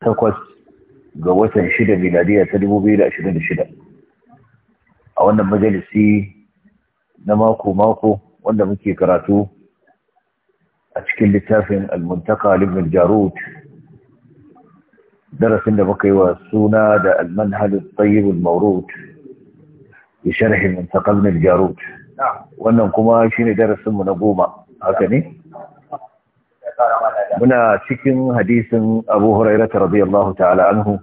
takwas ga watan shida miladiya ta dubu biyu da ashirin da shida a wannan majalisi na mako-mako wanda muke karatu a cikin littafin almuntaka limin jarut darasin da muka yi wa suna da alman halin tsayibin maurut da sharhin muntakal jarut wannan kuma shine darasinmu na goma haka ne? muna cikin hadisin Abu Hurairah radiyallahu ta'ala anhu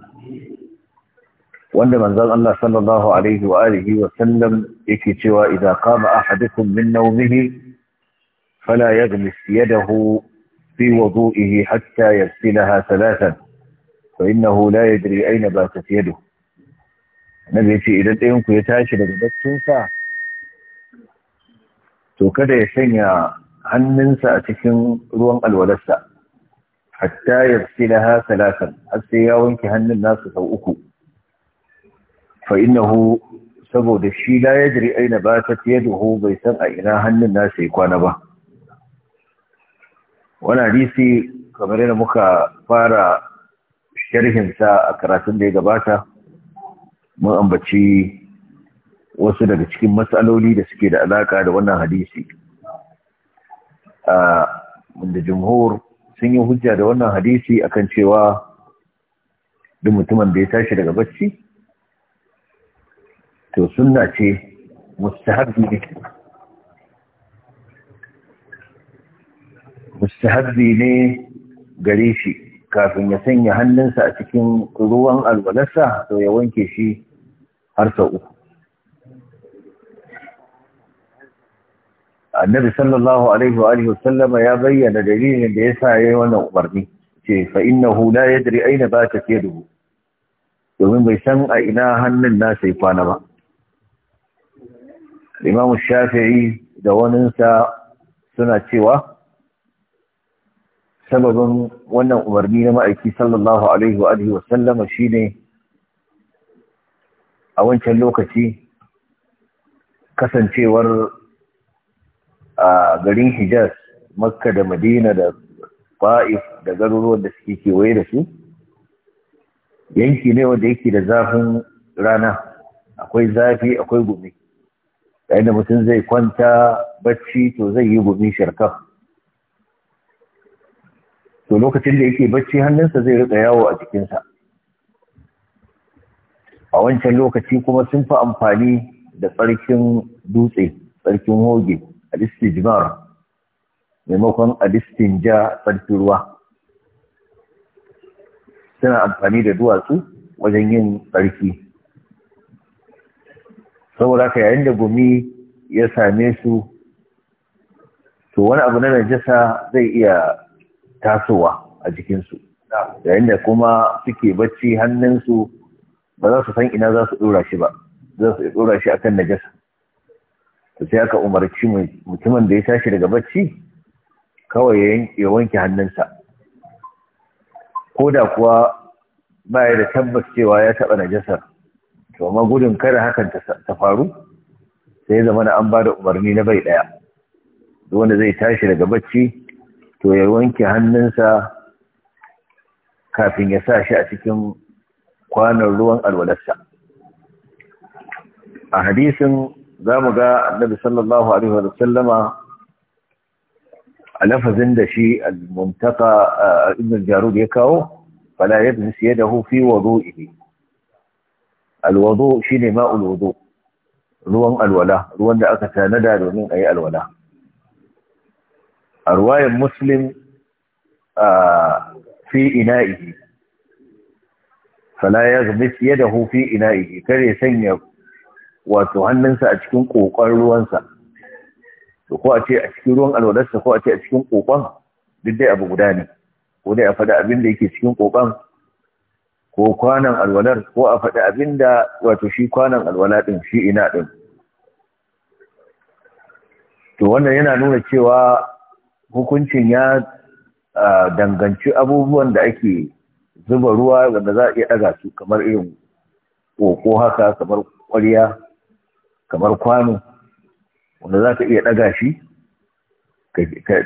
wanda manzon Allah sallallahu alaihi wa alihi wa sallam yake cewa kama a ahadukum min nawmihi fala yaghmis yadahu fi wudu'ihi hatta yaghsilaha thalathan fa innahu la yadri ayna batat yaduhu nabi yace idan ɗayanku ya tashi daga baccinsa to kada ya sanya hannunsa a cikin ruwan alwalarsa hatta yaghsilaha thalathan har sai ya wanke hannun nasu sau uku fa saboda shi la yajri aina batat yaduhu bai san a ina hannun nasu ya kwana ba wani hadisi kamar yadda muka fara sharhinsa a karatun da ya gabata mun ambaci wasu daga cikin matsaloli da suke da alaka da wannan hadisi ah, wanda jumhur sun yi hujja da wannan hadisi akan cewa duk mutumin da ya tashi daga bacci to sunna ce mustahabbi ne mustahabbi ne gare shi kafin ya sanya hannunsa a cikin ruwan alwalarsa to ya wanke shi har sau uku annabi sallallahu alaihi wa alihi sallama ya bayyana dalilin da ya yasa yayi wannan umarni ce fa innahu la yadri aina ba ke dubu domin bai san a ina hannun na sai kwana ba imamu Shafi'i da waninsa suna cewa sababin wannan umarni na ma'aiki sallallahu alaihi wa alihi sallama shine a wancan lokaci kasancewar a garin hijaz makka da madina da fa'if da garuruwan da suke kewaye da su yanki ne wanda yake da zafin rana akwai zafi akwai gumi yayin da mutum zai kwanta bacci to zai yi gumi sharkaf to lokacin da yake bacci hannunsa zai riƙa yawo a jikinsa a wancan lokaci kuma sun fi amfani da tsarkin dutse tsarkin hoge al-istijmar maimakon al ja tsarki ruwa suna amfani da duwatsu wajen yin tsarki saboda ka yayin da gumi ya same su to wani abu na najasa zai iya tasowa a jikinsu yayin da kuma suke bacci hannunsu ba za su san ina za su ɗora shi ba za su ɗora shi akan najasa sai aka umarci mutumin da ya tashi daga bacci kawai ya wanke hannunsa ko da kuwa baya da tabbas cewa ya taɓa najasar to amma gudun kada hakan ta faru sai zama na an ba da umarni na bai ɗaya wanda zai tashi daga bacci to ya wanke hannunsa kafin ya sa shi a cikin kwanan ruwan alwalarsa a hadisin za mu ga annabi sallallahu alaihi wa sallama a lafazin da shi al-muntaka uh, ibn jarud ya kawo fala yadnis yadahu fi wudu'ihi al-wudu shine ma'ul wudu ruwan alwala ruwan da aka tanada domin a yi alwala a ruwayan muslim uh, fi ina ina'ihi fala yadnis yadahu fi ina'ihi kare sanya wato hannunsa a cikin kokon ruwansa to ko a ce a cikin ruwan alwadarsa ko a ce a cikin kokon duk dai abu guda ne ko dai a faɗi abin da yake cikin kokon ko kwanan alwalar ko a faɗi abin da wato shi kwanan alwala ɗin shi ina ɗin to wannan yana nuna cewa hukuncin ya danganci abubuwan da ake zuba ruwa wanda za a iya ɗaga su kamar irin ƙoƙo haka kamar ƙwarya kamar kwano wanda za ka iya ɗaga shi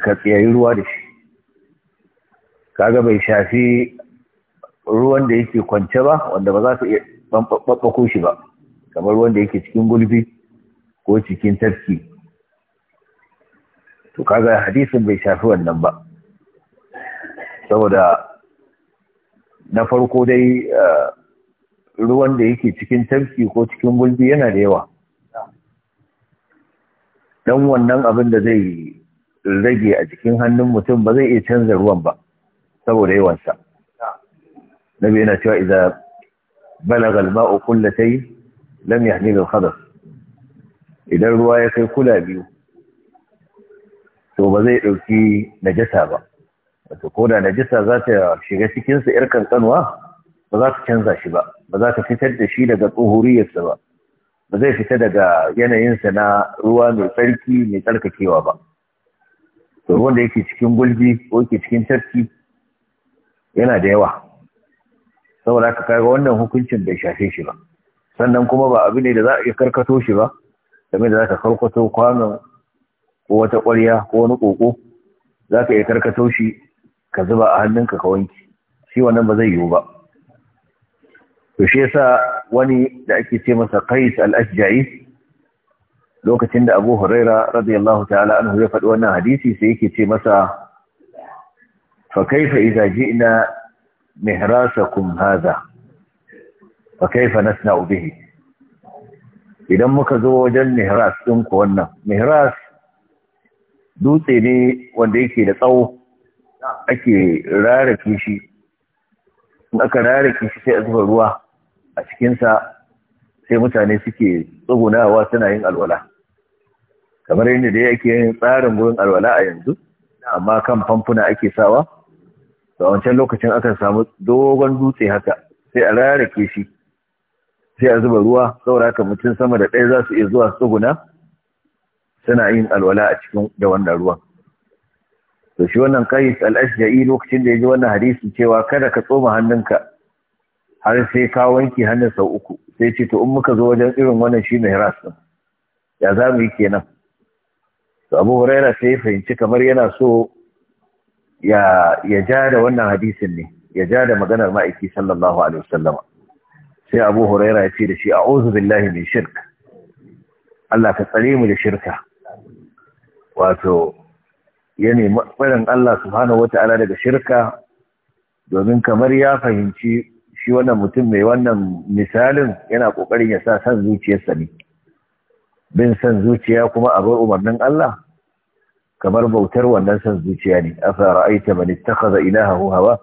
ka tsayayi ruwa da shi kaga bai shafi ruwan da yake kwance ba wanda ba za ka iya ɓaɓɓako shi ba kamar ruwan da yake cikin gulbi ko cikin tafki to kaga hadisin bai shafi wannan ba saboda na farko dai eh, ruwan da yake cikin tafki ko cikin gulbi yana da yawa dan wannan abin da zai rage a cikin hannun mutum ba zai iya canza ruwan ba saboda yawansa nabi yana cewa idza balagha al-ma'u kullatay lam yahmil al-khadath idan ruwa ya kai kula biyu to ba zai dauki najasa ba wato da najasa za ta shiga cikin sa irkan kanwa ba za ta canza shi ba ba za ta fitar da shi daga tsohuriyarsa ba ba zai fita daga yanayinsa na ruwa mai tsarki mai tsarkakewa ba to ruwan da yake cikin gulbi ko yake cikin tafki yana da yawa saboda aka kaga wannan hukuncin bai shafe shi ba sannan kuma ba abu ne da za a iya karkato shi ba game da za ka karkato kwanon ko wata ƙwarya ko wani ƙoƙo za ka iya karkato shi ka zuba a hannunka ka wanki shi wannan ba zai yiwu ba to shi yasa wani da ake ce masa qais al-ashja'i lokacin da abu huraira radiyallahu ta'ala anhu ya faɗi wannan hadisi sai yake ce masa fa kaifa idza ji'na mihrasakum hadha fa kaifa nasna'u bihi idan muka zo wajen mihras din ku wannan mihras dutse ne wanda yake da tsawo ake rarake shi in aka rarake shi sai a zuba ruwa a cikinsa sai mutane suke tsugunawa suna yin alwala kamar yadda da yake yin tsarin gurin alwala a yanzu amma kan famfuna ake sawa a wancan lokacin akan samu dogon dutse haka sai a rarake shi sai a zuba ruwa saboda haka mutum sama da ɗaya za su iya zuwa tsuguna suna yin alwala a cikin da wannan ruwan to shi wannan qais al yi lokacin da ya ji wannan hadisi cewa kada ka tsoma hannunka har sai ka wanke hannun sau uku sai ce to in muka zo wajen irin wannan shi mai ras din ya za mu yi kenan to abu huraira sai fahimci kamar yana so ya ya ja da wannan hadisin ne ya ja da maganar ma'aiki sallallahu alaihi wasallam sai abu huraira ya ce da shi a'udhu billahi min shirk Allah ka tsare mu da shirka wato ya nemi tsarin Allah subhanahu wataala daga shirka domin kamar ya fahimci shi wannan mutum mai wannan misalin yana kokarin ya sa san zuciyarsa ne bin san zuciya kuma a bar umarnin Allah kamar bautar wannan san zuciya ne afa ra'aita man ina ilahahu hawa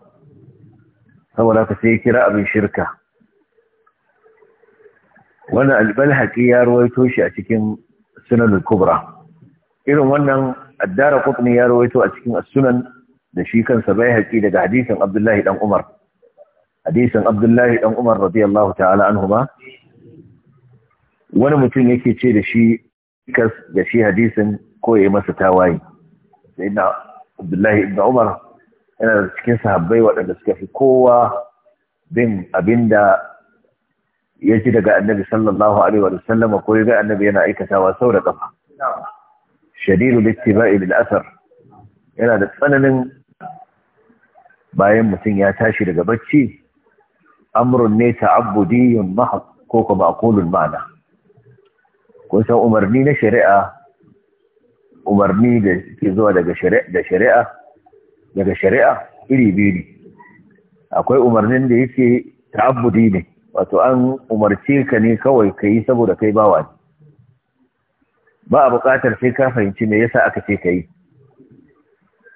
saboda ka sai kira abin shirka wannan haƙi ya ruwaito shi a cikin sunan al-kubra irin wannan addara qutni ya ruwaito a cikin sunan da shi kansa bai haƙi daga hadisin Abdullahi dan Umar hadisin abdullahi dan umar radiyallahu ta'ala huma wani mutum yake ce da shi kas da shi hadisin ko ya yi masa tawaye sai na abdullahi ibn umar yana da cikin sahabbai waɗanda suka fi kowa bin abinda ya ji daga annabi sallallahu alaihi wa sallam ko ya ga annabi yana aikatawa sau da kafa shadidu littiba'i lil asar yana da tsananin bayan mutum ya tashi daga bacci amrun ne ta'abbudiyun mahab ko kuma aqulul ma'ana ko san umarni na shari'a umarni da ke zuwa daga shari'a daga shari'a iri biyu ne akwai umarnin da yake ta'abbudi ne wato an umarce ka ne kawai ka yi saboda kai bawa ne ba a buƙatar sai ka fahimci me yasa aka ce ka yi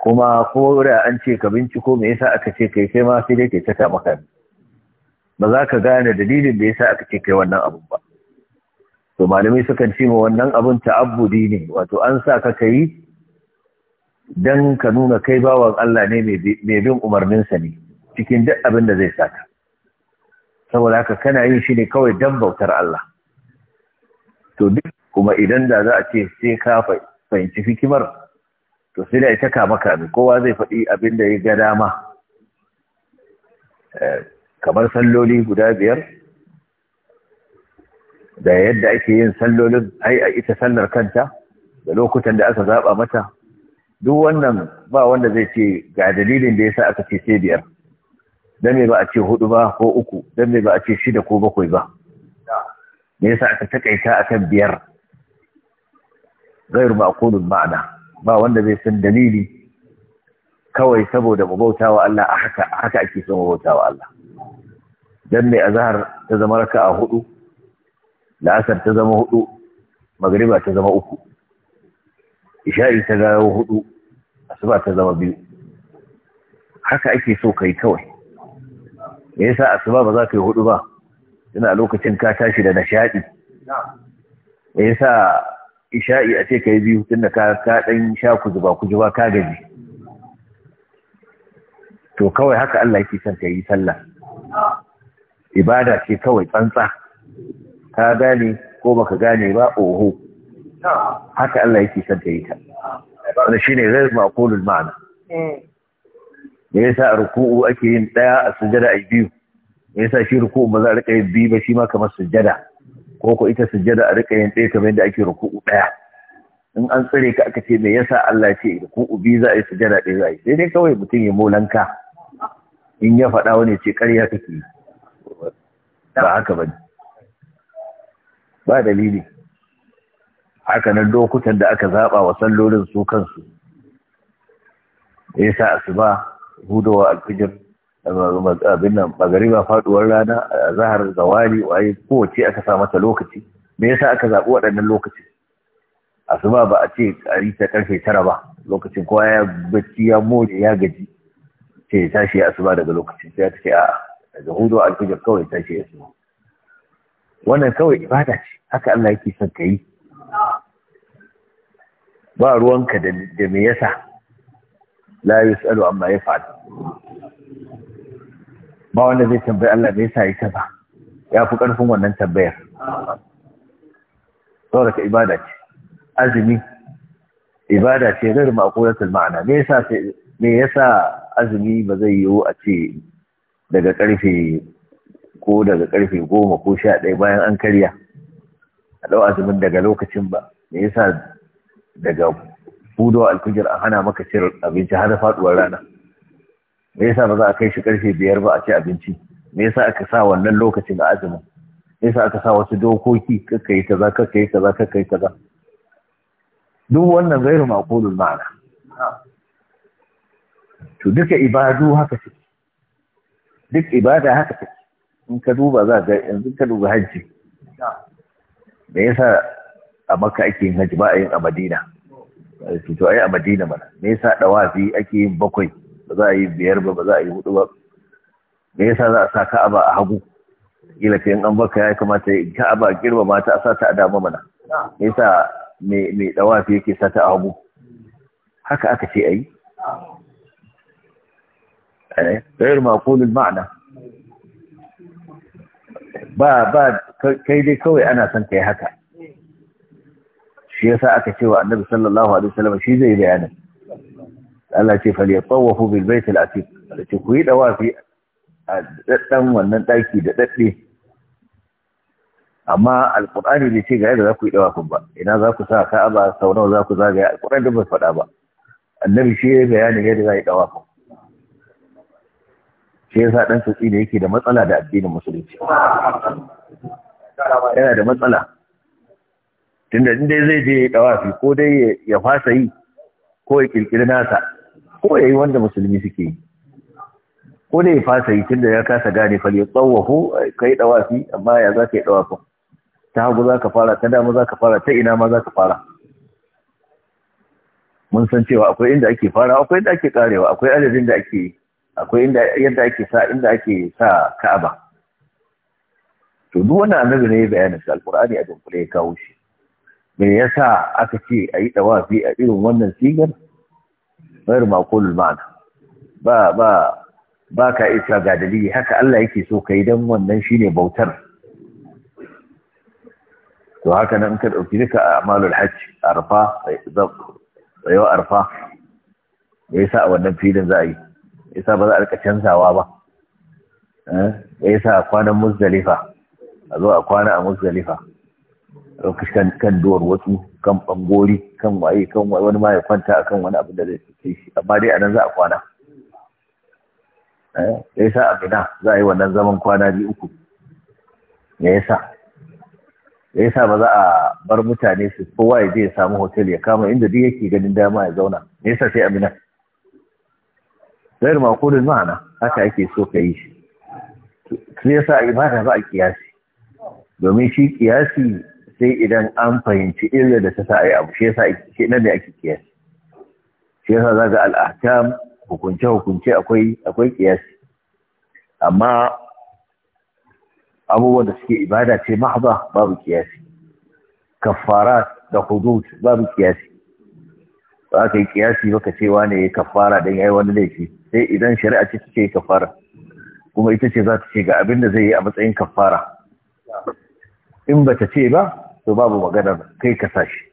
kuma ko da an ce ka binciko me yasa aka ce ka yi kai ma sai dai ke ta maka ba za ka gane dalilin da ya sa aka ce kai wannan abun ba to malamai sukan ce ma wannan abun ta'abudi ne wato an sa ka yi don ka nuna kai bawan Allah ne mai bin umarninsa ne cikin duk abin da zai sa saka saboda haka kana yin shi ne kawai dan bautar Allah to duk kuma idan da za a ce sai ka fahimci hikimar to sai da ita kama abin, kowa zai faɗi abin da ya ga dama eh, kamar salloli guda biyar da yadda ake yin sallolin ai a ita sallar kanta da lokutan da aka zaba mata duk wannan ba wanda zai ce ga dalilin da yasa aka ce sai biyar dan me ba a ce hudu ba ko uku dan me ba a ce shida ko bakwai ba me yasa aka takaita akan biyar غير معقول ma'ana. ba wanda zai san dalili kawai saboda mu wa Allah haka haka ake son mu bautawa Allah dan mai azhar ta zama a hudu la'asar ta zama hudu magriba ta zama uku isha'i ta dawo hudu asuba ta zama biyu haka ake so kai kawai me yasa asuba ba za ka yi hudu ba ina lokacin ka tashi da nishadi me yasa isha'i a ce kai biyu tunda ka ka dan sha ku zuba ku zuba ka gaji to kawai haka Allah yake son ka yi sallah ibada ce kawai tsantsa ka gane ko baka gane ba oho haka Allah yake son ta yi ta wanda shine ghayr maqulul ma'ana me yasa ruku'u ake yin daya a sujada a biyu me yasa shi ruku'u ba za a rika yin biyu ba shi ma kamar sujada ko ko ita sujada a rika yin daya kamar yadda ake ruku'u ɗaya? in an tsare ka aka ce me yasa Allah ya ce ruku'u biyu za a yi sujada ɗaya za a sai dai kawai mutum ya molanka in ya faɗa wani ce ƙarya kake yi ba dalili haka nan lokutan da aka zaba wa sallolin su kansu ya sa asuba hudowa alfijir abin nan ba faduwar rana a zahar zawali waye kowace aka sa mata lokaci me yasa aka zaɓi waɗannan lokaci asuba ba a ce a ta karfe tara ba lokacin kowa ya bacci ya more ya gaji ce tashi asuba daga lokacin sai a'a daga hudu alfijar kawai ta ya suma wannan kawai ibada ce haka Allah yake son ka yi ba ruwanka da me yasa la yusalu amma ya yaf'al ba wanda zai tambayi Allah me yasa yake ba ya fi karfin wannan tambayar saboda ka ibada ce azumi ibada ce gairu ma'qulatul ma'ana me yasa me yasa azumi ba zai yiwu a ce daga karfe ko daga karfe goma ko sha ɗaya bayan an karya a ɗau azumin daga lokacin ba me yasa daga hudu alfijir a hana maka cin abinci har faɗuwar rana me yasa ba za a kai shi karfe biyar ba a ci abinci me yasa aka sa wannan lokacin a azumin me yasa aka sa wasu dokoki kakka yi kaza kakka yi kaza kakka yi kaza duk wannan gairu ma'akulun ma'ana to duka ibadu haka suke duk ibada haka take in ka duba za ga yanzu ka duba hajji me yasa a makka ake yin hajji ba a yin a madina to yi a madina mana me yasa dawafi ake yin bakwai ba za a yi biyar ba ba za a yi hudu ba me yasa za a sa ka'aba a hagu kila yin an baka ya kamata ka'aba a girma mata a sa ta a dama mana me yasa me me dawafi yake sa ta a hagu haka aka ce a yi? غير معقول المعنى با ba kai dai kawai ana son kai haka shi yasa aka cewa annabi sallallahu alaihi wasallam shi zai bayana Allah ce fa liyatawafu بالبيت العتيق al atiq ce ku yi a wannan daki da dadde amma alqur'ani bai ce ga yadda za ku yi dawafin ba ina za ku sa ka'aba sau nawa za ku zagaya alqur'ani bai faɗa ba annabi shi ya bayani yadda za yi shi yasa dan sassi ne yake da matsala da addinin musulunci yana da matsala tunda inda zai je ya dawafi ko dai ya fasa yi ko ya kirkiri nasa ko ya yi wanda musulmi suke yi ko dai ya fasa yi tunda ya kasa gane fali ya tsawafu kai dawafi amma ya za ka yi dawafin ta hagu za ka fara ta dama za ka fara ta ina ma za ka fara mun san cewa akwai inda ake fara akwai inda ake karewa akwai adadin da ake yi akwai yadda ake sa inda ake sa Ka'aba to duk wannan annabi ne bayanin sa shi alqur'ani a dunkule ya kawo shi me yasa aka ce ayi dawafi a irin wannan sigar bayar maqulul ma'ana ba ba ba ka isa ga dalili haka Allah yake so kai dan wannan shine bautar to haka nan ka dauki duka a'malul hajj arfa zab tsayo arfa me yasa wannan filin za a yi yasa ba za a rika canzawa ba ya eh, yasa a kwanan muzdalifa a zo a kwana a muzdalifa kan kan duwar wasu kan bangori kan waye kan wani ma ya kwanta akan wani abu da zai fi shi amma dai a nan za a kwana eh, ya sa a bina za a yi wannan zaman kwana biyu uku ya yasa ya sa ba za a bar mutane su kowa ya je ya samu hotel ya kama inda duk yake ganin dama ya zauna ya sa sai a bina غير معقول ma'ana haka ake so ka yi shi sai yasa ibada ba a kiyasi domin shi kiyasi sai idan an fahimci illa da ta sa yi abu shi ke nan ne ake kiyasi shi sa zaga ga ahkam hukunce hukunce akwai kiyasi amma abubuwan da suke ibada ce mahza babu kiyasi Kaffara da hudud babu kiyasi ba ka yi kiyasi baka ce wane ya kafara dan yayi wani laifi sai idan shari'a ce take kafara kuma ita ce za ta ce ga abin da zai yi a matsayin kafara in ba ta ce ba to babu maganar kai ka sashi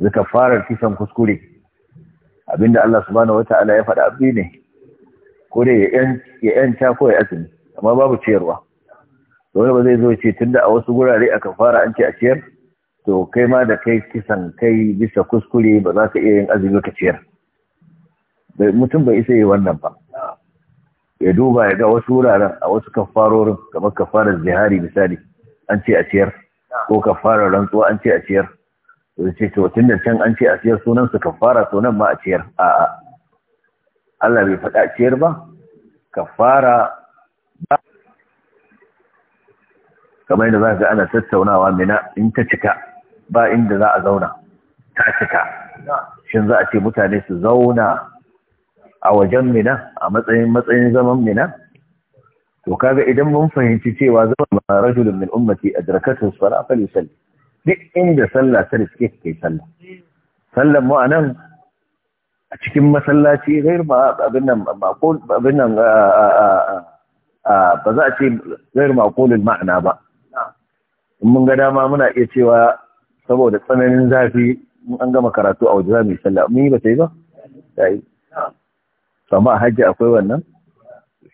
zai kafarar kisan kuskure abinda Allah subhanahu wata'ala ya faɗa abu ne ko dai ya yanta ko ya azumi amma babu ciyarwa wani ba zai zo ce tunda a wasu gurare a kafara an ce a ciyar to kai ma da kai kisan kai bisa kuskure ba za ka iya yin azumi ka ciyar mutum bai isa yi wannan ba ya duba ya ga wasu wuraren a wasu kafarorin kamar kafarar zihari misali an ce a ciyar ko kafarar rantsuwa an ce a ciyar to ce to tun da can an ce a ciyar sunan su kafara to nan ma a ciyar a a Allah bai faɗa a ciyar ba kafara ba kamar yadda za ka ana tattaunawa mina in ta cika ba inda za a zauna ta cika shin za a ce mutane su zauna a wajen mina a matsayin matsayin zaman mina to kaga idan mun fahimci cewa zama ma rajulun min ummati adrakatu sala fa yusalli duk inda sallah ta riske kai sallah sallan mu anan a cikin masallaci gair ma abin nan ba ko abin nan ba za a ce gair ma qulul ma'ana ba in mun ga dama muna iya cewa saboda tsananin zafi an gama karatu a waje za mu yi sallah mun yi ba sai ba amma a hajji akwai wannan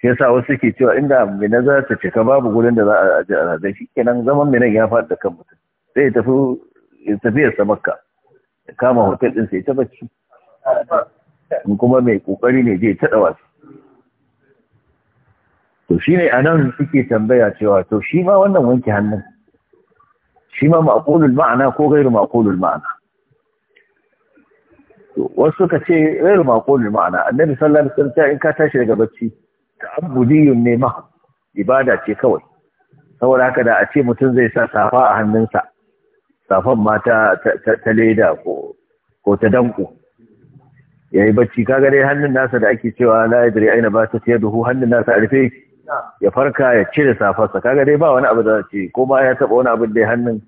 shi yasa wasu ke cewa inda mina za ta cika babu gurin da za a aje a zai kenan zaman minan ya faɗi da kan mutum sai ya tafi ya tafi ya ya kama hotel din sai ta bacci in kuma mai kokari ne zai taɗa wasu to shine nan suke tambaya cewa to shi ma wannan wanke hannun shi ma ma'akulul ma'ana ko gairu ma'akulul ma'ana wasu suka ce rayar maƙolin ma'ana annabi sallallahu alaihi wasallam in ka tashi daga bacci ta'abbudiyun ne ma ibada ce kawai saboda haka da a ce mutum zai sa safa a hannunsa safan ma ta ta leda ko ko ta danko yayi bacci kaga dai hannun nasa da ake cewa la yadri aina ba ta yaduhu hannun nasa a rufe ya farka ya cire safarsa kaga dai ba wani abu da ce ko ba ya taba wani abu da hannun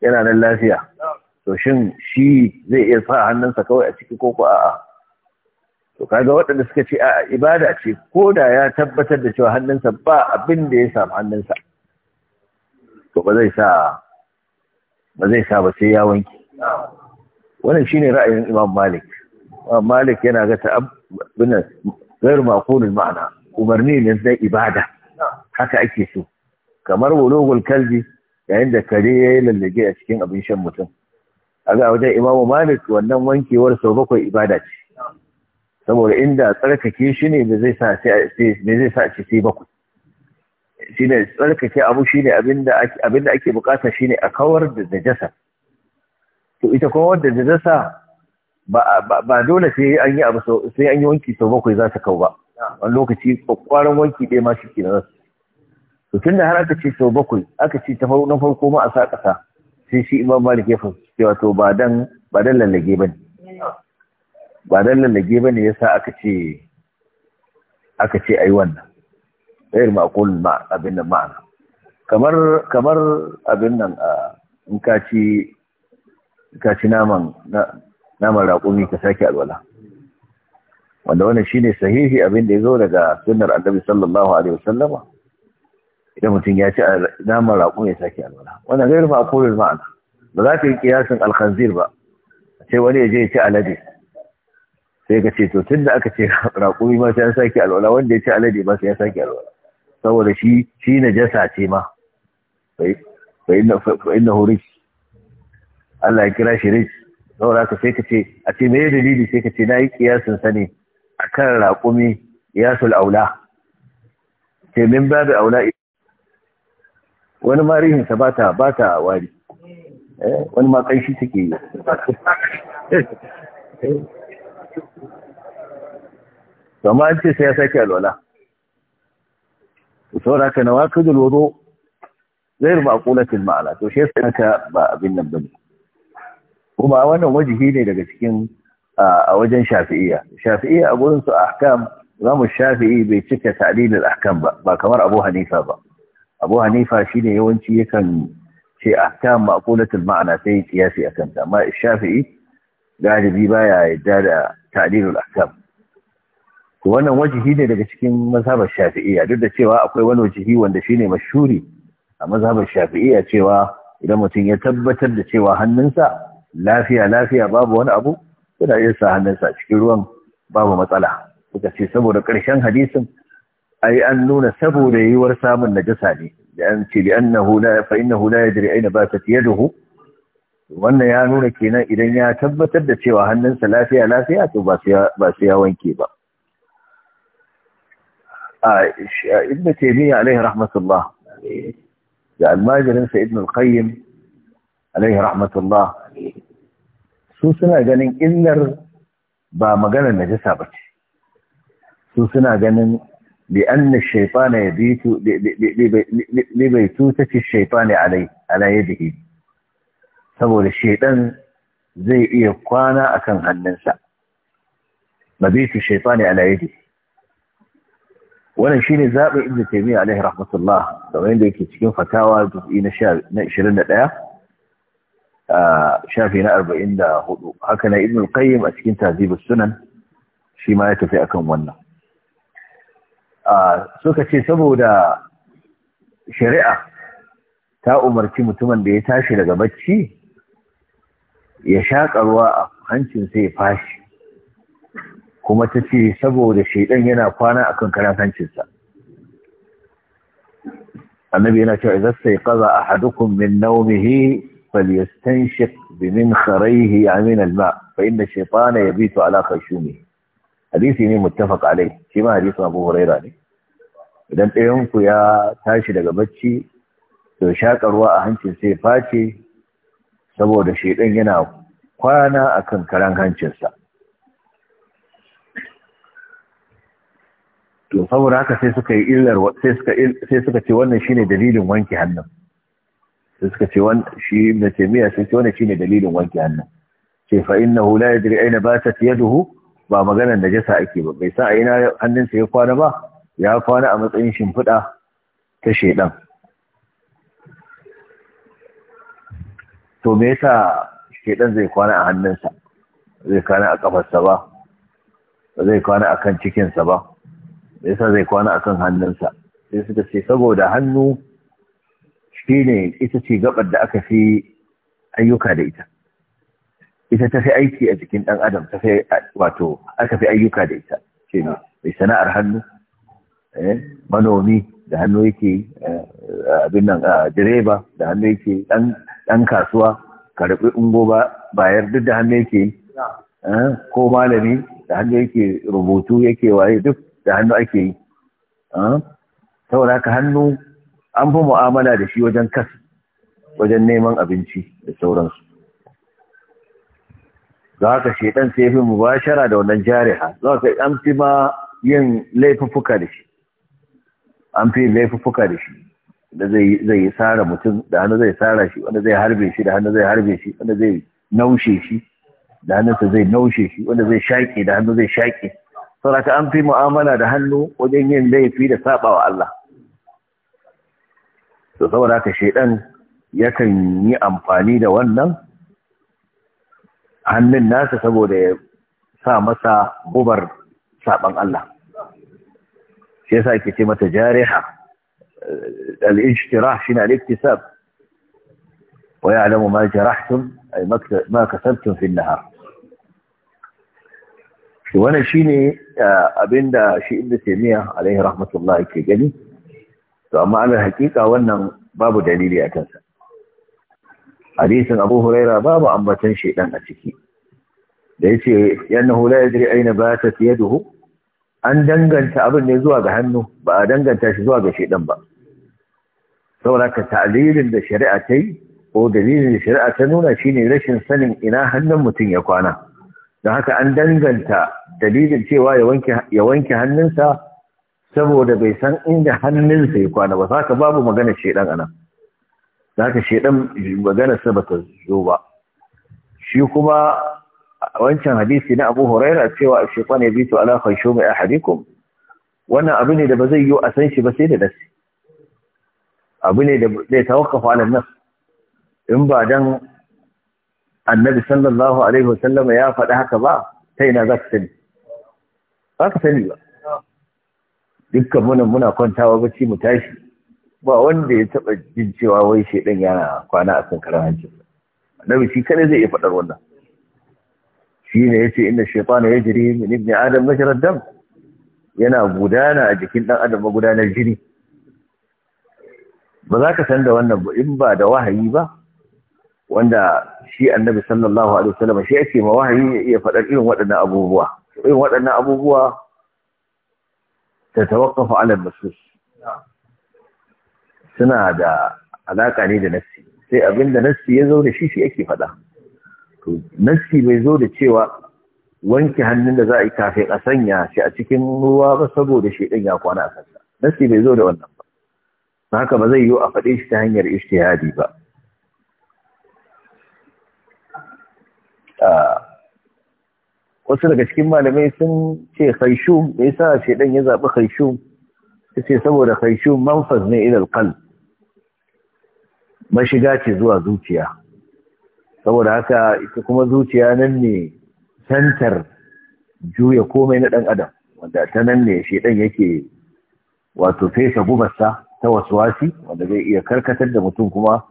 yana nan lafiya to shin shi zai iya sa hannunsa kawai a ciki ko a'a to kaga waɗanda suka ce a'a ibada ce ko da ya tabbatar da cewa hannunsa ba abin da ya samu hannunsa to ba zai sa ba zai sa ba sai ya wanke wannan shine ra'ayin Imam Malik Imam Malik yana ga ta'abbun غير معقول ma'ana. umarni ne na ibada haka ake so kamar wulogul kalbi yayin da kare ya yi lallage a cikin abin shan mutum Aga wajen imamu malik wannan wankewar sau bakwai ibada ce saboda inda tsarkake shi ne da zai sa a ce sai bakwai shi ne tsarkake abu shi ne abinda ake bukata shi ne a kawar da najasa to ita kuma wadda najasa ba dole sai an yi abu sai an yi wanki sau bakwai za ta kau ba wani lokaci kwakwaron wanki ɗaya ma shi ke na to tun da har aka ce sau bakwai aka ce ta na farko ma a sa ƙasa sai shi imam malik ya fahimci cewa to ba dan ba dan lallage bane ba dan lallage bane yasa aka ce aka ce ai wannan غير معقول ma abin nan ma'ana kamar kamar abin nan in ka ci ka ci naman naman raƙumi ka sake alwala wanda wannan shine sahihi abin da ya zo daga sunnar annabi sallallahu alaihi wasallama idan mutum ya ci damar raƙo ya sake alwala wannan gairu ma akulul ma'ana ba za ka yi kiyasin alkhanzir ba sai wani ya je ya ci alade sai ka ce to tun da aka ce raƙumi ma sai ya sake alwala wanda ya ci alade ba sai ya sake alwala saboda shi shi jasa ce ma fa inna hurij Allah ya kira shi rij saboda ka sai ka ce a ce me dalili sai ka ce na yi kiyasin sani a akan raƙumi kiyasul aula ce min babu aula wani ma rihinsa ba ta ba ta wari eh, wani ma shi take yi ma an ce sai ya sake alwala saboda haka nawaqidul wudu zai ruba qulatil ma'ala to shi yasa ka ba abin nan bane kuma wannan wajihi ne daga cikin a wajen shafi'iyya shafi'iyya a gurin su ahkam zamu shafi'i bai cika ta'dilul ahkam ba ba kamar Abu Hanifa ba abu hanifa shi ne yawanci yakan ce a ta ma'akulatul ma'ana sai kiyasi a kanta amma shafi'i galibi baya yadda da ta'lilul ahkam to wannan wajihi ne daga cikin mazhabar a duk da cewa akwai wani wajihi wanda ne mashuri a mazhabar a cewa idan mutum ya tabbatar da cewa hannunsa lafiya lafiya babu wani abu yana iya sa hannunsa cikin ruwan babu matsala suka ce saboda ƙarshen hadisin أي أن ننسب لي ورسام النجسة لي لأنك لأنه لا فإنه لا يدري أين باتت يده وأن يانون كنا إذن يا كبة تبدأ وأن لا فيها لا باسيا وين كيبا آه ابن تيمية عليه رحمة الله يعني ما جلنس ابن القيم عليه رحمة الله سوسنا جنن إلا با مغانا نجسة سوسنا جنن لأن الشيطان يبيت لبيتوتة الشيطان عليه على يده saboda shaidan zai iya kwana akan hannunsa mabitu shaitani ala yadi wannan shine zabi ibn taymiya alaihi rahmatullah kamar yadda yake cikin fatawa juz'i na 21 shafi na 44 haka na ibn al-qayyim a cikin tazibus sunan shima ya tafi akan wannan suka ce saboda shari'a ta umarci mutumin da ya tashi daga bacci ya shaƙa ruwa a hancinsa ya fashi kuma ta ce saboda shaidan yana kwana a kan karan hancinsa annabi yana cewa idan sai kaza a hadukun min naumihi falyastanshik bi min kharaihi Aminal ma, fa inda ya bito ala shumi." hadisi ne muttafaq alai shi ma hadisi Abu Huraira ne idan ɗayan ku ya tashi daga bacci to shakarwa a hancin sai face saboda shedan yana kwana akan karan hancinsa to saboda haka sai suka yi illar sai suka sai suka ce wannan shine dalilin wanke hannun sai suka ce wannan shi Ibn miya sai ce wannan shine dalilin wanke hannun sai fa innahu la yadri ayna batat yaduhu ba maganar da jasa ake ba bai sa a ina hannunsa ya kwana ba ya kwana a matsayin shimfiɗa ta shaidan to me yasa shaidan zai kwana a hannunsa zai kwana a kafarsa ba zai kwana a kan cikinsa ba me yasa zai kwana a kan hannunsa sai suka ce saboda hannu shi ne ita ce gabar da aka fi ayyuka da ita ita ta fi aiki a jikin ɗan adam ta fi wato aka fi ayyuka da ita ce mai sana'ar hannu eh, manomi da hannu yake eh, abin nan ah, direba da hannu yake ɗan kasuwa rabu ungo ba bayar duk da hannu yake eh, ko malami da hannu yake rubutu yake waye duk da hannu ake yi saboda ka hannu an fi mu'amala da shi wajen kas wajen neman abinci da sauransu za ka shaidan sai fi mubashara da wannan jariha za ka an fi ma yin laifuffuka da shi an fi laifuffuka da shi da zai yi tsara mutum da hannu zai tsara shi wanda zai harbe shi da hannu zai harbe shi wanda zai naushe shi da hannunsa zai naushe shi wanda zai shaƙe da hannu zai shaƙe ka an fi mu'amala da hannu wajen yin laifi da wa Allah to saboda ka shaidan yakan yi amfani da wannan hannun nasa saboda ya sa masa gubar saban Allah shi yasa ake ce mata jariha al-ijtirah shine al-iktisab wa ya'lamu ma jarahtum ay ma kasabtum fi an-nahar shi wannan shine abinda shi ibnu taymiya alaihi rahmatullah yake gani to amma alal hakika wannan babu dalili a kansa hadisin abu huraira babu ambatan shaidan a ciki da ya ce hula ya jiri aina batat duhu an danganta abin ne zuwa ga hannu ba a danganta shi zuwa ga shaidan ba sauraka ka da shari'a ta yi ko dalilin da shari'a ta nuna shine rashin sanin ina hannun mutum ya kwana don haka an danganta dalilin cewa ya wanke hannunsa saboda bai san inda hannunsa ya kwana ba saka babu magana shaidan nan. za ka dan maganarsa ba bata zo ba shi kuma wancan hadisi na abu huraira cewa a shekwan ya bito ala kwansho mai ahadikum wannan abu ne da ba zai yi a san shi ba sai da nasi abu ne da zai tawakkafa ala nas in ba dan annabi sallallahu alaihi wasallam ya faɗi haka ba ta na za ka sani ba ka sani ba dukkan muna muna kwantawa bacci mu tashi ba wanda ya taba jin cewa wai shedan yana kwana a kan karan hancin annabi shi kare zai iya wannan shi ne yace inna shaytana yajri min ibn adam majra dam yana gudana a jikin dan adam gudanar jini ba za ka san da wannan ba, in ba da wahayi ba wanda shi annabi sallallahu alaihi wasallam shi yake ma wahayi ya iya faɗar irin waɗannan abubuwa irin waɗannan abubuwa ta tawaqqafu ala nusus suna da alaƙa ne da nassi sai abin da nassi ya zo da shi shi ake faɗa to nassi bai zo da cewa wanke hannun da za a yi kafin a sanya shi a cikin ruwa ba saboda shi ɗin ya kwana a kansa nassi bai zo da wannan ba haka ba zai yiwu a faɗe shi ta hanyar ishtihadi ba ah, wasu daga cikin malamai sun ce khaishum me yasa shaidan ya zabi ta ce saboda khaishum manfaz ne ila kal. mashiga ce zuwa zuciya saboda haka ita kuma zuciya nan ne santar juya komai na ɗan adam wanda ta nan ne shaidan yake wato fesa gubarsa ta wasu wasi wanda zai iya karkatar da mutum kuma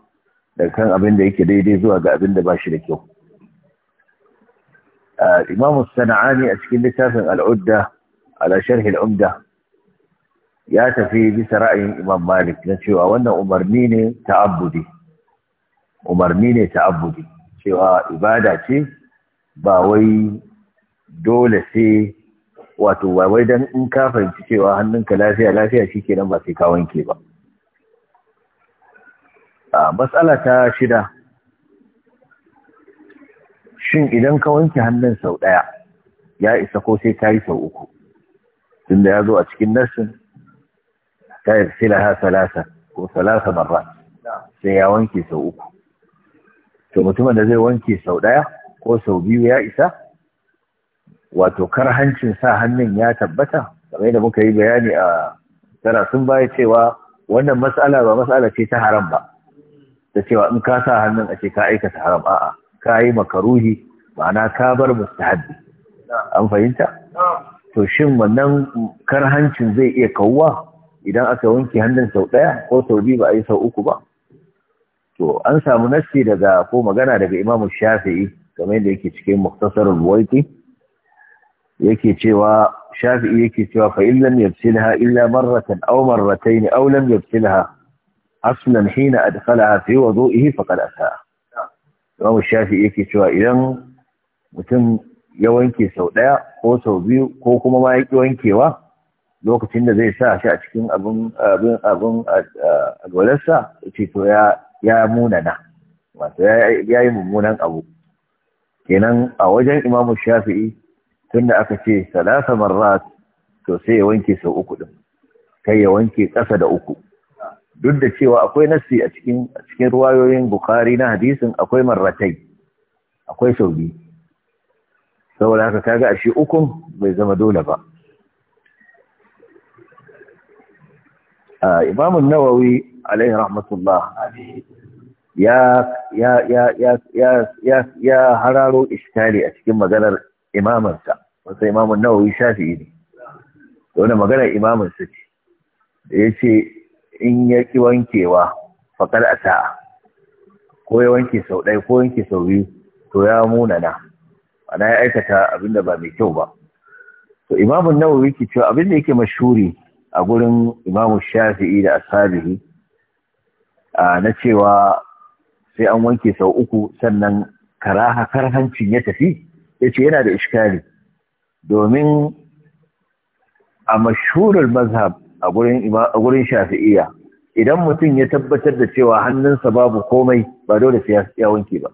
da kan abin da yake daidai zuwa ga abin da ba shi da kyau ah, imamu sana'ani a cikin littafin al'udda ala sharhi al'umda ya tafi bisa ra'ayin Imam Malik na cewa wannan umarni ne ta'abbudi umarni ne ta'abbudi cewa ibada ce ba wai dole sai wato wai dan in ka fahimci cewa hannunka lafiya lafiya shikenan ba sai ka wanke ba a matsala ta shida shin idan ka wanke hannun sau daya ya isa ko sai ka yi sau uku tunda ya zo a cikin nassin hatta ya silaha salasa ko salasa sai ya wanke sau uku to mutumin da zai wanke sau ɗaya ko sau biyu ya isa wato kar hancin sa hannun ya tabbata kamar da muka yi bayani a tara sun baya cewa wannan matsala ba matsala ce ta haram ba ta cewa in ka sa hannun a ce ka aikata haram a'a ka yi makaruhi ma'ana ka bar Haddi. an fahimta to shin wannan hancin zai iya kawwa idan aka wanke hannun sau ɗaya ko sau biyu ba a yi sau uku ba to an samu nassi daga ko magana daga imamu shafi'i kamar yadda yake cikin Muktasar Ruwaiti, yake cewa shafi'i yake cewa fa in lam yabsilha illa marratan aw marratayn aw lam yabsilha aslan hina adkhalaha fi wudu'ihi faqad asa imamu shafi'i yake cewa idan mutum ya wanke sau ɗaya ko sau biyu ko kuma ma ya ki wankewa lokacin da zai sa shi a cikin abin abin abin alwalarsa ce to ya ya munana wato ya yi mummunan abu kenan a wajen imamu shafi'i tun da aka ce salasa marrat to sai ya wanke sau uku din kai ya wanke ƙasa da uku duk da cewa akwai nassi a cikin a cikin ruwayoyin bukhari na hadisin akwai marratai akwai sau biyu saboda haka kaga ashe ukun bai zama dole ba Imam Nawawi alaihi rahmatullah ya ya ya ya ya ya hararo iskali a cikin maganar imamansa wasu imamun nawawi shafi ne wanda maganar imamansa ce da ya ce in ya ki wankewa faƙar a sa'a ko ya wanke sau ɗaya ko wanke sau biyu to ya munana ana ya aikata abinda ba mai kyau ba to imamun nawawi ke cewa abinda yake mashuri a gurin imamu shafi'i da ashabihi na cewa sai an wanke sau uku sannan karaha karhancin ya tafi ya ce yana da iskari domin a mashhurar mazhab a gurin shafi'iya idan mutum ya tabbatar da cewa hannunsa babu komai ba dole sai ya wanke ba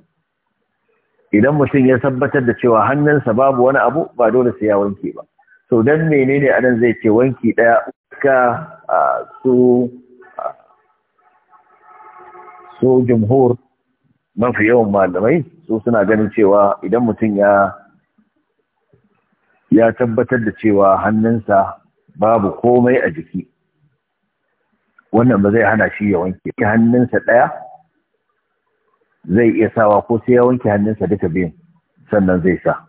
idan mutum ya tabbatar da cewa hannunsa babu wani abu ba dole sai ya wanke ba so dan menene anan zai ce wanki daya ka su su jumhur mafi yawan malamai su suna ganin cewa idan mutum ya ya tabbatar da cewa hannunsa babu komai a jiki wannan ba zai hana shi ya wanke hannunsa ɗaya zai iya sawa ko sai ya wanke hannunsa duka biyun sannan zai sa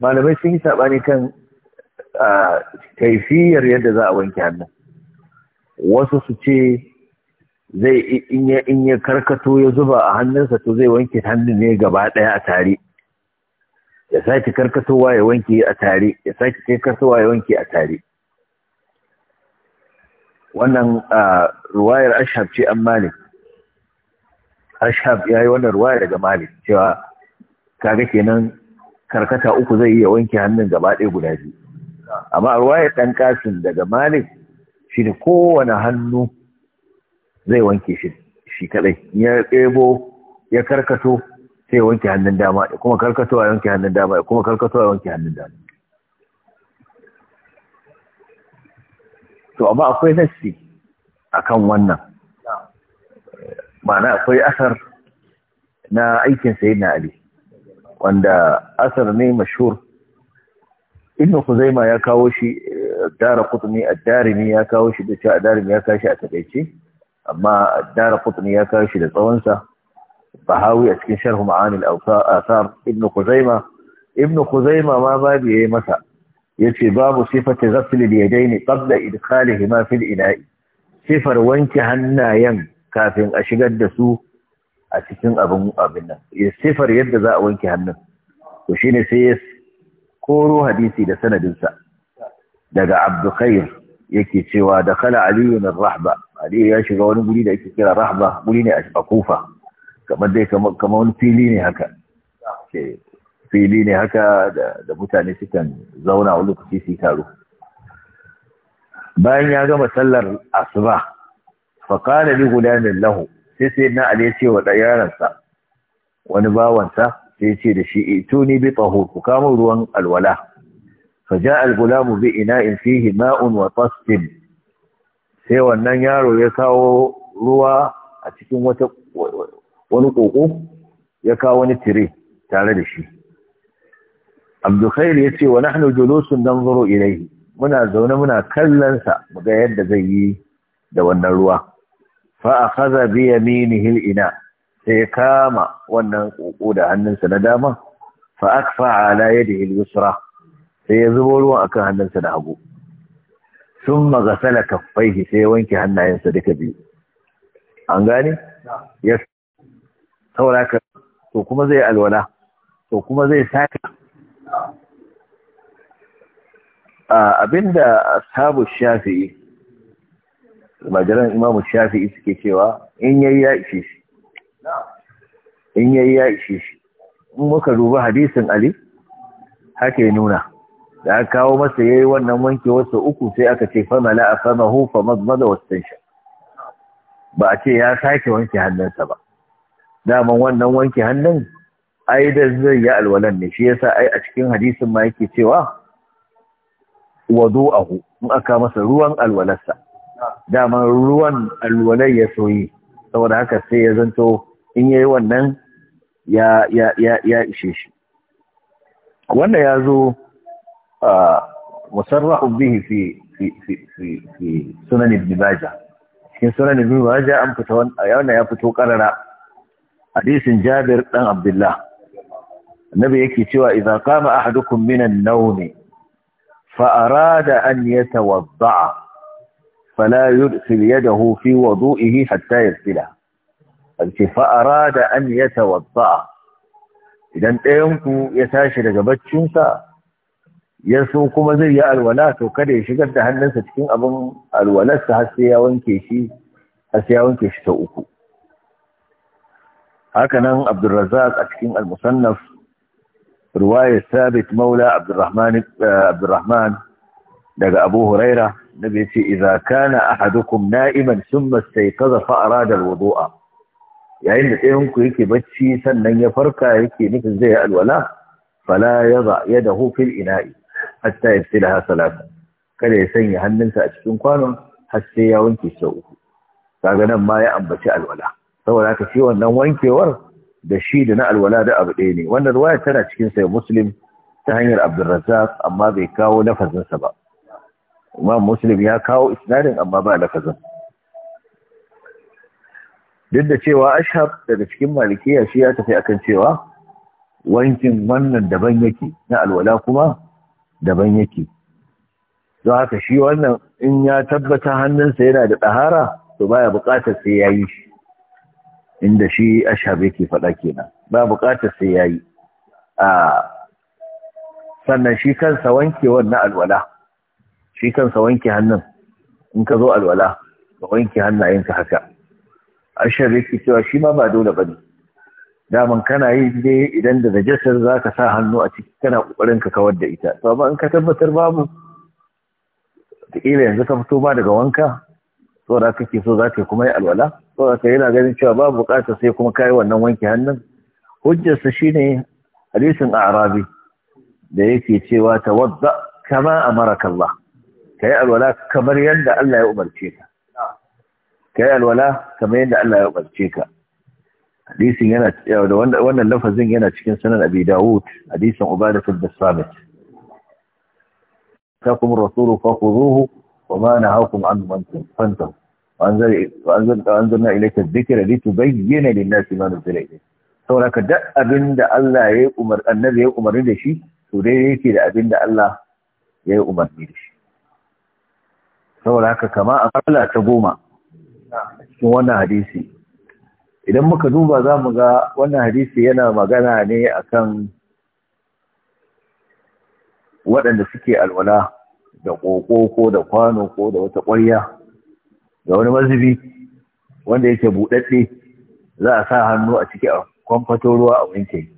malamai sun yi saɓani kan kaifiyar yadda za a wanke hannu wasu su ce zai in ya karkato ya zuba a hannunsa to zai wanke hannun ne gaba ɗaya a tare ya sake karkatowa ya wanke a tare ya sake karkatowa ya wanke a tare wannan ruwayar ashab ce an malik ashab ya yi wannan ruwayar daga malik cewa kaga kenan karkata uku zai iya wanke hannun gaba ɗaya guda biyu amma a ruwayar ɗan kasin daga malik shi ne kowane hannu zai wanke shi shi kaɗai ya ɗebo ya karkato sai wanke hannun dama kuma karkato ya wanke hannun dama kuma karkato ya wanke hannun dama to amma akwai nassi kan wannan ma'ana akwai asar na aikin na ali wanda asar ne mashhur ibn Kuzaima ya kawo shi Dara Qutni ad-Darimi ya kawo shi da cewa ad-Darimi ya kashi a takeice amma Dara Qutni ya kawo shi da tsawon sa Bahawi a cikin Sharh Ma'ani al-Awsar ibn Khuzaima ibn Khuzaima ma babu yayi masa yace babu sifati ghasl al-yadayn qabla idkhalihima fil ina'i sifar wanke hannayen kafin a shigar da su a cikin abin abin nan sifar yadda za a wanke hannun to shine sai ya koro hadisi da sanadinsa daga khair yake cewa da kala aliyu na rahba aliyu ya shiga wani guri da ake kira rahba guri ne a kufa kamar dai kamar wani fili ne haka fili ne haka da mutane sukan zauna a lokaci su taro bayan ya gama sallar asuba faƙala li gudanar lahu sai sai na ali ce wa yaransa wani bawansa sai ce da shi ituni bi tahur ku kamo ruwan alwala faja al-gulamu bi ina'in fihi ma'un wa tasbin sai wannan yaro ya kawo ruwa a cikin wata wani koko ya kawo wani tire tare da shi abdulkhair yace wa nahnu julusun nanzuru ilayhi muna zaune muna kallon sa muga yadda zai yi da wannan ruwa fa a bi biya al-ina sai kama wannan kuku da hannunsa na dama fa akfa ala yadihi al-yusra sai ya zubo ruwan akan hannunsa na hagu thumma ghasala kaffaihi sai wanke hannayensa duka biyu an gane ya saura ka to kuma zai alwala to kuma zai sake abinda Sabu shafi'i majalan imamu shafi suke cewa in yayi ya ishe shi in yayi ya ishe shi in muka duba hadisin ali haka ya nuna da aka kawo masa yayi wannan wanke wasu uku sai aka ce fa mala afamahu fa madmada wastansha ba a ce ya sake wanke hannunsa ba daman wannan wanke hannun ai da zai yi alwalan ne shi yasa ai a cikin hadisin ma yake cewa wadu'ahu in aka masa ruwan alwalarsa daman ruwan alwalai ya soyi saboda haka sai ya zanto in wannan ya ya ya ya ishe shi wannan ya zo musarrahu bihi fi fi fi fi sunan ibn majah cikin sunan ibn majah an fita wannan ya fito karara hadisin jabir dan abdullah annabi yake cewa idza qama ahadukum minan nawmi fa arada an yatawadda فلا يدخل يده في وضوئه حتى يغسلها فأراد أن يتوضأ idan ɗayanku ya tashi daga baccinsa ya so kuma zai yi alwala to kada ya shigar da hannunsa cikin abin alwalarsa har sai ya wanke shi wanke shi ta uku Hakanan nan a cikin al-musannaf riwayar sabit maula abdurrahman daga abu huraira nabi ce idza na ahadukum na'iman thumma kaza fa'aradar arada alwudu'a yayin da ɗayan ku yake bacci sannan ya farka yake nufin zai yi alwala fala yadha yadahu fil ina'i hatta yafsilaha salatan kada ya sanya hannunsa a cikin kwanon har ya wanke sau uku kaga nan ma ya ambaci alwala saboda haka shi wannan wankewar da shi da na alwala da abu ɗaya ne wannan ruwaya tana cikin sai muslim ta hanyar abdurrazzaq amma bai kawo lafazinsa ba imam muslim ya kawo isnadin amma ba lafazin duk da cewa ashab daga cikin malikiya shi ya tafi akan cewa wankin wannan daban yake na alwala kuma daban yake don haka shi wannan in ya tabbata hannunsa yana da ɗahara to baya buƙatar sai ya yi shi inda shi ashab yake faɗa kenan ba buƙatar sai ya yi ah, sannan shi kansa wankewar na alwala shi kansa wanke hannun in ka zo alwala ka wanke ka haka Ashirin yake cewa shi ma ba dole bane daman kana yi dai idan da najasar ka sa hannu a ciki kana kokarin ka kawar da ita to amma in ka tabbatar babu da ila yanzu ka fito ba daga wanka so da kake so zata kuma yi alwala so da yana ganin cewa babu bukatar sai kuma kai wannan wanke hannun hujjarsa shine hadisin arabi da yake cewa ta tawadda kama amaraka Allah Kayi alwala kamar yadda Allah ya umarce ka kayi alwala kamar yadda Allah ya umarce ka hadisin yana da wannan lafazin yana cikin sanan Abi Dawud hadisin Ubadah bin Samit takum rasulu fakhuduhu wama nahakum anhu fantahu an وأنزلنا إليك الذكر لتبين للناس ما نزل إليك saboda ka duk abin da Allah ya yi umar annabi ya umarni da shi to dai yake da abin da Allah ya yi umarni da shi saboda haka kama a kala ta goma cikin wannan hadisi idan muka duba za mu ga wannan hadisi yana magana ne a kan waɗanda suke alwala da ƙoƙo ko da kwano ko da wata ƙwarya da wani mazubi wanda yake buɗaɗɗe za a sa hannu a ciki a kwamfato ruwa a wanke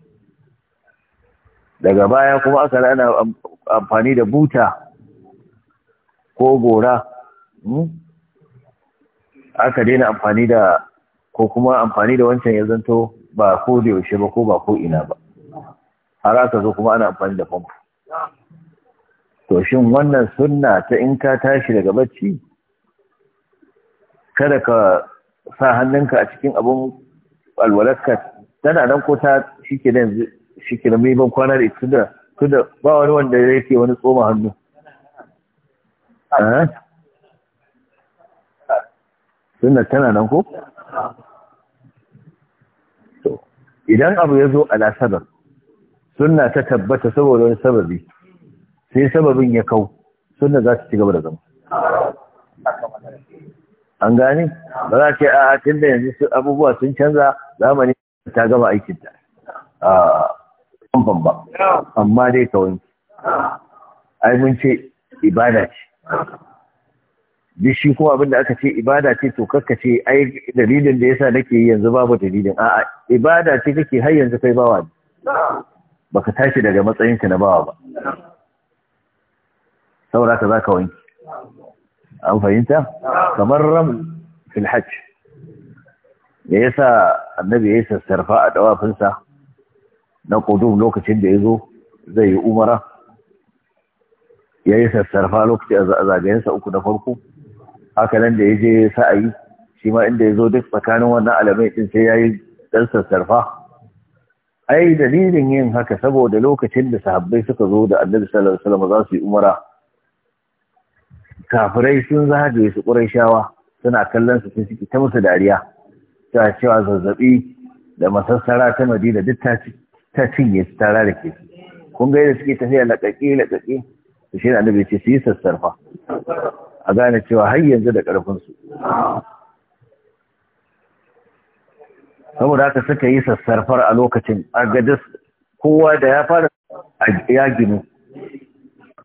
daga baya kuma aka ana amfani da buta ko gora Hmm? aka daina amfani da ko kuma amfani da wancan ya zanto ba ko da yaushe ba ko ba ko ina ba har aka zo kuma ana amfani da famfo to shin wannan sunna ta in ka tashi daga bacci kada ka sa hannunka a cikin abun alwalarka tana nan ko ta shike nan shike nan mai ban kwana da ita da ba wani wanda yake wani tsoma hannu Sunan tana nan ko to idan abu ya zo ala sabab sunna ta tabbata saboda wani sababi sai sababin ya kau sunna za ta ci gaba da zama an gane ba za ce a cikin da yanzu abubuwa sun canza zamani ta gama aikin ta a ba amma dai kawai ai mun ce ibada ce duk shi kuma abin da aka ce ibada ce to kakka ce ai dalilin da yasa nake yi yanzu babu dalilin a'a ibada ce kake har yanzu kai bawa ne baka tashi daga matsayin ka na bawa ba saboda ka zaka wanki an fahimta kamar ram fil hajj ya yasa annabi ya sassarfa a dawafinsa na qudum lokacin da yazo zai yi umara ya yi sassarfa lokacin a zagayensa uku na farko haka da ya je sa a yi, shi ma inda ya zo duk tsakanin wannan alamai din sai ya yi ɗan sassarfa ai dalilin yin haka saboda lokacin da sahabbai suka zo da annabi sallallahu alaihi wasallam za su yi umara kafirai sun zagaye su ƙurayshawa suna kallon su sun ciki ta musu dariya ta cewa zazzabi da masassara ta madina duk ta cinye su tara da ke kun ga yadda suke tafiya laƙaƙe laƙaƙe su shi annabi ce su yi sassarfa a gane cewa har yanzu da ƙarfinsu saboda haka suka yi sassarfar a lokacin agadis kowa da ya fara ya ginu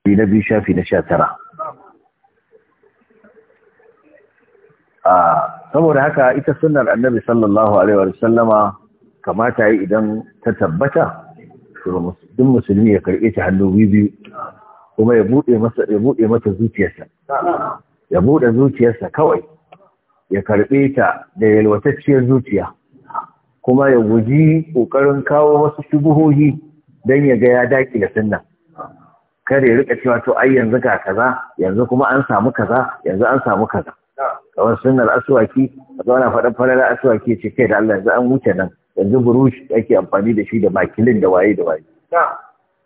na biyu shafi na sha tara saboda haka ita sunnar annabi sallallahu alaihi wa sallama kamata yi idan ta tabbata duk musulmi ya karɓe ta hannu biyu kuma ya buɗe mata zuciyarsa ya buɗe zuciyarsa kawai ya karɓe ta da yalwatacciyar zuciya kuma ya guji ƙoƙarin kawo wasu shubuhohi don ya ga ya daƙi da sunna kare rika cewa to ai yanzu ga kaza yanzu kuma an samu kaza yanzu an samu kaza kamar sunnar asuwaki a zauna faɗin falala aswaki ce kai da Allah yanzu an wuce nan yanzu burush ake amfani da shi da makilin da waye da waye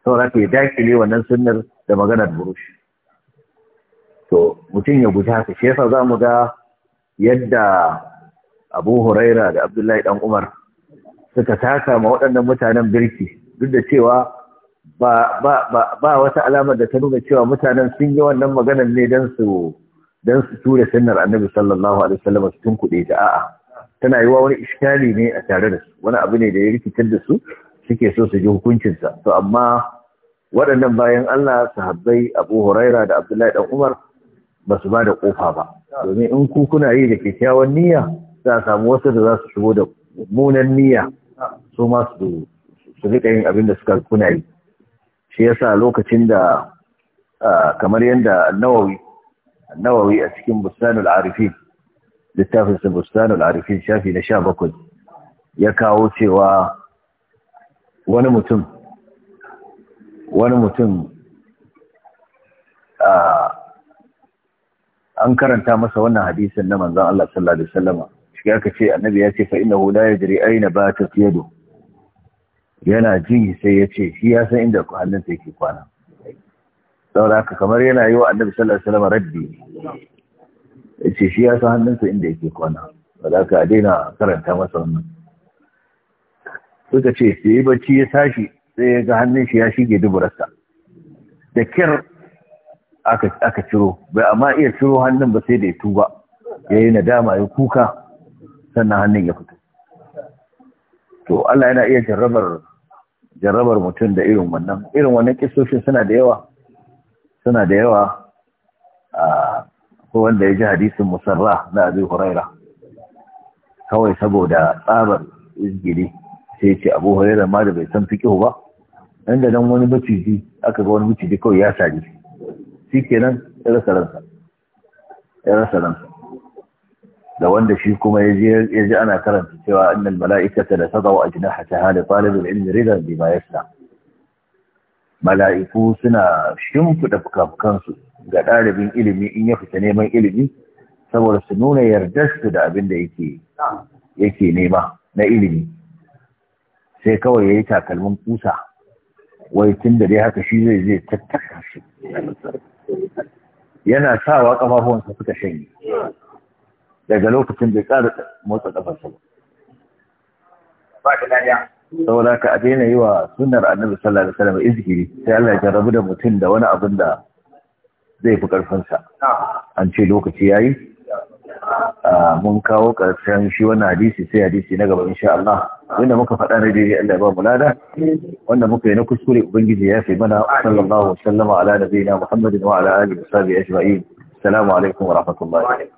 saboda ka ya daƙile wannan sunnar da maganar burush to mutum ya guji haka Shefa yasa za mu ga yadda abu huraira da abdullahi dan umar suka taka ma waɗannan mutanen birki duk da cewa ba, ba, ba, ba wata alamar da ta nuna cewa mutanen sun yi wannan maganar ne don su don su tura sunnar annabi sallallahu alaihi wasallam su tunkuɗe ta a'a tana yi wa wani iskali ne a tare da su wani abu ne da ya rikitar da su suke so su ji hukuncin sa to amma waɗannan bayan Allah sahabbai Abu Huraira da Abdullahi dan Umar ba su ba da ƙofa ba domin in ku kuna yi da kyakkyawan niyya za a samu wasu da za su shigo da munan niyya su ma su riƙa yin abin da suka kuna yi shi yasa lokacin da kamar yadda nawawi nawawi a cikin bustanul arifi littafin sa bustanul arifi shafi na sha bakwai ya kawo cewa wani mutum wani mutum an karanta masa wannan hadisin na manzon Allah sallallahu alaihi wasallam shi aka ce annabi ya ce fa innahu la yajri aina batat yadu yana ji sai ya ce shi ya san inda hannunsa yake kwana saboda haka kamar yana yi wa annabi sallallahu alaihi wasallam raddi ya shi ya san hannunsa inda yake kwana saboda haka a daina karanta masa wannan suka ce sai bacci ya tashi sai ya ga hannun shi ya shige duburarsa da kyar aka ciro bai amma iya ciro hannun ba sai da ya tuba ya yi nadama ya kuka sannan hannun ya fito to Allah yana iya jarrabar jarrabar mutum da irin wannan irin wannan kisoshin suna da yawa suna da yawa a ko wanda ya ji hadisin musarra na abu huraira kawai saboda tsabar izgili sai ce abu huraira ma da bai san fi kyau ba inda nan wani maciji aka ga wani maciji kawai ya sadi. shi kenan ya rasa ransa da wanda shi kuma ya ji ana karanta cewa annal mala'ikata da ta zawo a jina hata hali talibin ilmi ridan bi yasa mala'iku suna shimfiɗa fukafukansu ga ɗalibin ilimi in ya fita neman ilimi saboda su nuna su da abin da yake nema na ilimi sai kawai yayi takalmin kusa wai tun da dai haka shi zai zai tattaka shi yana sawa ƙafafuwansa suka shanye daga lokacin bai ƙara motsa ƙafarsa ba saboda ka daina yi wa sunar annabi sallallahu alaihi wasallam izgiri sai Allah ya jarrabu da mutum da wani abin da zai fi ƙarfinsa an ce lokaci yayi Ah, mun kawo ƙarshen shi wannan hadisi sai hadisi na gaba insha Allah wanda muka faɗa na daidai Allah ya ba mu lada wanda muka yi na kuskure ubangiji ya fi mana sallallahu alaihi sallama ala nabiyina Muhammadin wa ala alihi wa sahbihi ajma'in assalamu alaikum wa rahmatullahi